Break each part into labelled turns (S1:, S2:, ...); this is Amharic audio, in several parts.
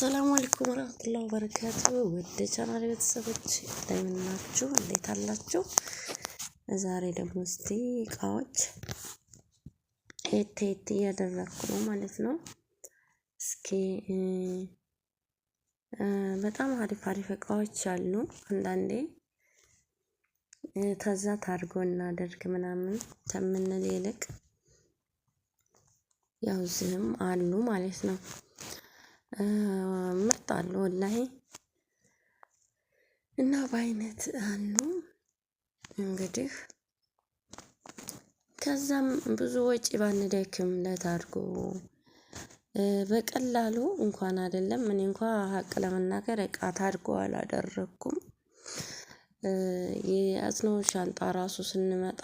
S1: አሰላሙ አለይኩም ወራህመቱላሂ ወበረካቱ። ወደ ቻናል ቤተሰቦች እንደምን ናችሁ? እንዴት አላችሁ? ዛሬ ደግሞ እስቲ እቃዎች ኤት ኤት እያደረኩ ነው ማለት ነው። እስኪ በጣም አሪፍ አሪፍ እቃዎች አሉ። አንዳንዴ ከዛ ታርጎ እናደርግ ምናምን ከምንል ይልቅ ያው ዝም አሉ ማለት ነው ምርጥ አሉ ወላሂ እና በአይነት አሉ እንግዲህ ከዛም ብዙ ወጪ ባንደክም ለታርጎ በቀላሉ እንኳን አይደለም። እኔ እንኳ ሀቅ ለመናገር እቃ ታርጎ አላደረኩም። የያዝነው ሻንጣ ራሱ ስንመጣ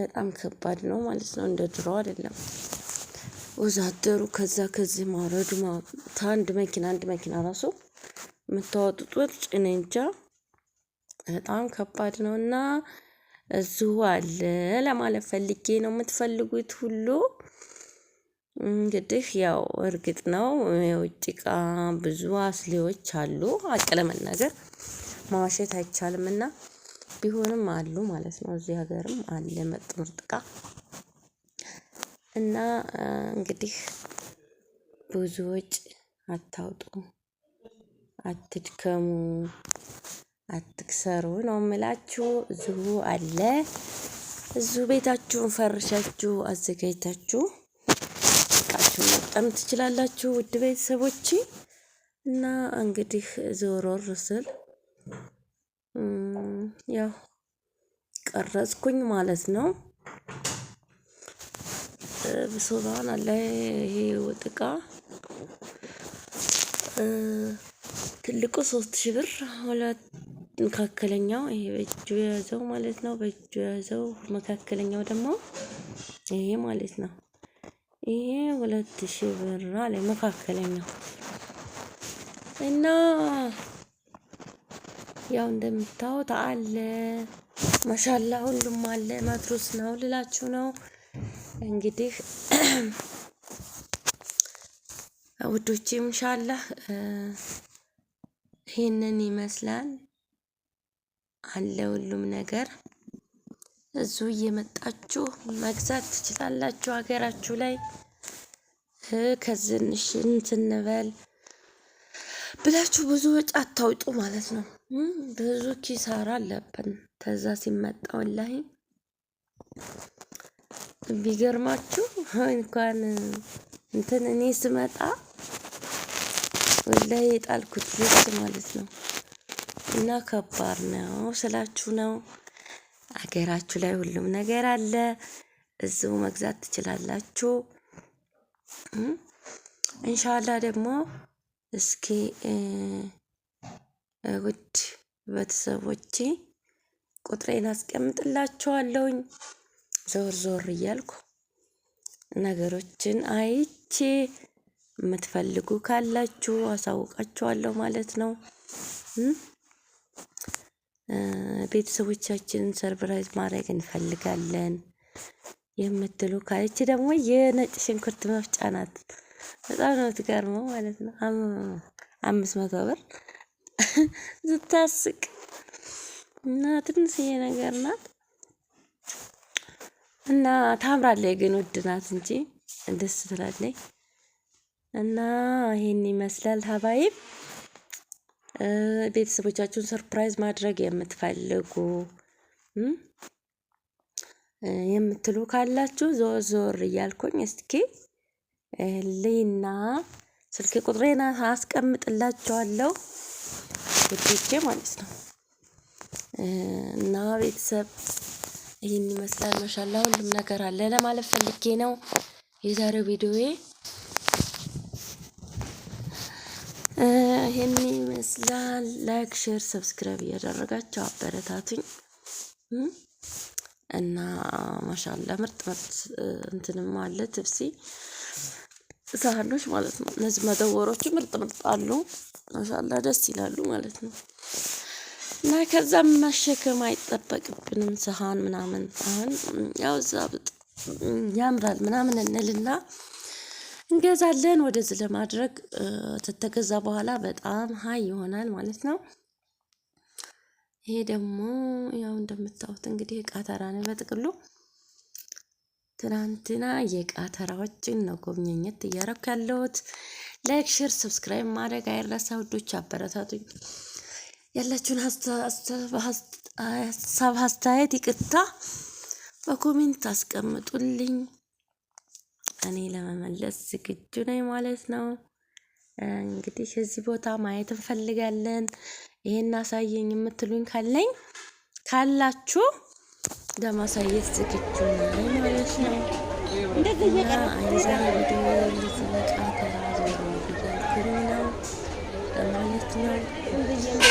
S1: በጣም ከባድ ነው ማለት ነው። እንደ ድሮ አይደለም። ወዛደሩ ከዛ ከዚህ ማለት አንድ መኪና አንድ መኪና ራሱ የምታወጡጡት ጭኔ በጣም ከባድ ነው እና እዚሁ አለ ለማለት ፈልጌ ነው። የምትፈልጉት ሁሉ እንግዲህ ያው እርግጥ ነው የውጭ እቃ ብዙ አስሌዎች አሉ። አቀለመን ነገር ማዋሸት አይቻልም እና ቢሆንም አሉ ማለት ነው። እዚህ ሀገርም አለ ምርጥ ምርጥ እቃ እና እንግዲህ ብዙ ወጪ አታውጡ፣ አትድከሙ፣ አትክሰሩ ነው የምላችሁ። እዚሁ አለ እዚሁ ቤታችሁን ፈርሻችሁ አዘጋጅታችሁ እቃችሁን መጠም ትችላላችሁ። ውድ ቤተሰቦች እና እንግዲህ ዞሮር ስል ያው ቀረጽኩኝ ማለት ነው። ብሶባን አለ ይሄ ወጥቃ ትልቁ ሶስት ሺህ ብር ሁለት መካከለኛው ይሄ በእጁ የያዘው ማለት ነው። በእጁ የያዘው መካከለኛው ደግሞ ይሄ ማለት ነው። ይሄ ሁለት ሺህ ብር አለ መካከለኛው እና ያው እንደምታዩት አለ ማሻላ ሁሉም አለ። መትሩስ ነው ልላችሁ ነው። እንግዲህ ውዶች ኢንሻአላህ ይህንን ይመስላል አለ ሁሉም ነገር። እዙ እየመጣችሁ መግዛት ትችላላችሁ ሀገራችሁ ላይ ከዝንሽ እንትን ብላችሁ ብዙ ወጪ አታውጡ ማለት ነው። ብዙ ኪሳራ አለብን ተዛ ሲመጣ ወላሂ ቢገርማችሁ እንኳን እንትን እኔ ስመጣ ላይ የጣልኩት ልብስ ማለት ነው። እና ከባድ ነው ስላችሁ ነው። አገራችሁ ላይ ሁሉም ነገር አለ፣ እዚሁ መግዛት ትችላላችሁ። እንሻላ ደግሞ እስኪ ውድ ቤተሰቦቼ ቁጥሬን አስቀምጥላችኋለሁኝ። ዞር ዞር እያልኩ ነገሮችን አይቼ የምትፈልጉ ካላችሁ አሳውቃችኋለሁ ማለት ነው። ቤተሰቦቻችንን ሰርፕራይዝ ማድረግ እንፈልጋለን የምትሉ ካለች ደግሞ የነጭ ሽንኩርት መፍጫ ናት። በጣም ነው የምትገርመው ማለት ነው። አምስት መቶ ብር ስታስቅ እና ትንሽዬ ነገር ናት። እና ታምራለች፣ ግን ውድ ናት እንጂ ደስ ትላለች። እና ይሄን ይመስላል ሀባይብ። ቤተሰቦቻችሁን ሰርፕራይዝ ማድረግ የምትፈልጉ የምትሉ ካላችሁ ዞር ዞር እያልኩኝ እስኪ ሌና ስልክ ቁጥሬን አስቀምጥላችኋለሁ ውዶቼ ማለት ነው እና ቤተሰብ ይህን ይመስላል። ማሻላ ሁሉም ነገር አለ ለማለት ፈልጌ ነው የዛሬው ቪዲዮዬ ይህን ይመስላል። ላይክ፣ ሼር፣ ሰብስክራይብ እያደረጋቸው አበረታቱኝ እና ማሻላ ምርጥ ምርጥ እንትንም አለ ትብሲ ሳህኖች ማለት ነው። እነዚህ መደወሮች ምርጥ ምርጥ አሉ። ማሻላ ደስ ይላሉ ማለት ነው። እና ከዛም መሸከም አይጠበቅብንም ሰሃን ምናምን። አሁን ያው እዛ ያምራል ምናምን እንልና እንገዛለን ወደዚህ ለማድረግ ተተገዛ በኋላ በጣም ሀይ ይሆናል ማለት ነው። ይሄ ደግሞ ያው እንደምታዩት እንግዲህ የእቃ ተራ ነው። በጥቅሉ ትናንትና የእቃ ተራዎችን ነው ጎብኘኝት እያረኩ ያለሁት። ላይክ፣ ሼር፣ ሰብስክራይብ ማድረግ አይረሳ ውዶች፣ አበረታቱኝ። ያላችሁን ሀሳብ አስተያየት፣ ይቅርታ በኮሜንት አስቀምጡልኝ። እኔ ለመመለስ ዝግጁ ነኝ ማለት ነው። እንግዲህ እዚህ ቦታ ማየት እንፈልጋለን፣ ይሄን አሳየኝ የምትሉኝ ካለኝ ካላችሁ ለማሳየት ዝግጁ ነኝ ማለት ነው። እንደዚህ ነው ማለት ነው።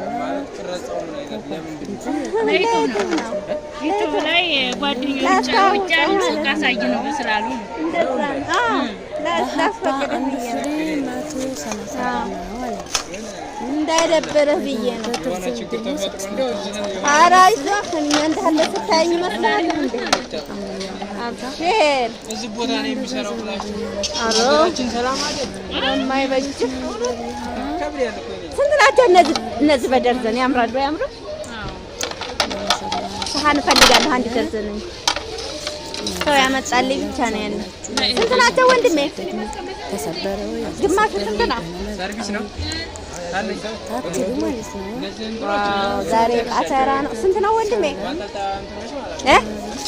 S1: ዩቱብ ላይ ጓደኞች ውጭ ያሉ ነው ስላሉ እንዳይደበረ ብዬ ነው። ኧረ እናንተ አለ ስታይኝ ይመስላል እንደ እዚህ ስንት ናቸው እነዚህ በደርዘን ያምራሉ። አያምሩም? ሰሃን እፈልጋለሁ አንድ ደርዘን ሰው ያመጣልኝ ብቻ ነው ያለው። ስንት ናቸው ወንድሜ? ግማሹ ስንት ነው? ዛሬ ቃሰራ ነው። ስንት ነው ወንድሜ?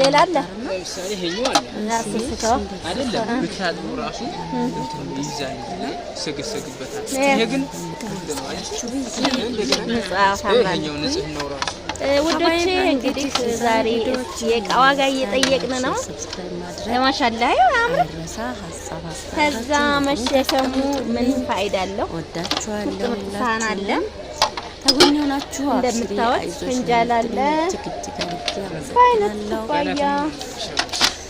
S1: ሌላ አለ ውዶቼ እንግዲህ ዛሬ የእቃ ዋጋ እየጠየቅን ነው። ማሻላ አያምርም? ከዛ መሸከሙ ምን ፋይዳ አለው? ወዳችኋለሁ። ከጎን ሆናችሁ እንደምታወቅ ፍንጃል አለ፣ በአይነት ኩባያ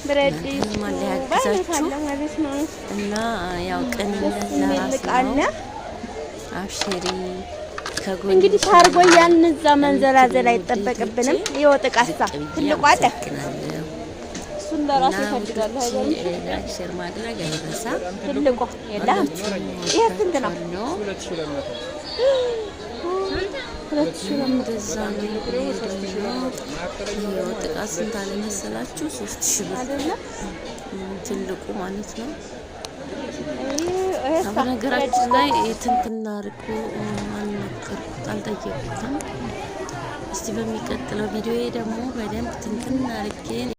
S1: ብረት እና ያው ቅንነት ለራስ ነው። አብሽሪ እንግዲህ ታርጎ ያን እዛ መንዘላዘል አይጠበቅብንም። የወጥ ቃሳ ትልቋ አለ እሱን ለራሱ ይፈልጋል። ሼር ማድረግ አይረሳ። ትልቋ የላ ይህ ስንት ነው? ሁለት ሺህ ነው እንደዛ ነው ጥቃት ስንት አለ መሰላችሁ? ሶስት ብር ትልቁ ማለት ነው። በነገራችን ላይ ትንትና ርቁ አልነገርኩት አልጠየቁትም። እስቲ በሚቀጥለው ቪዲዮ ደግሞ በደንብ ትንትና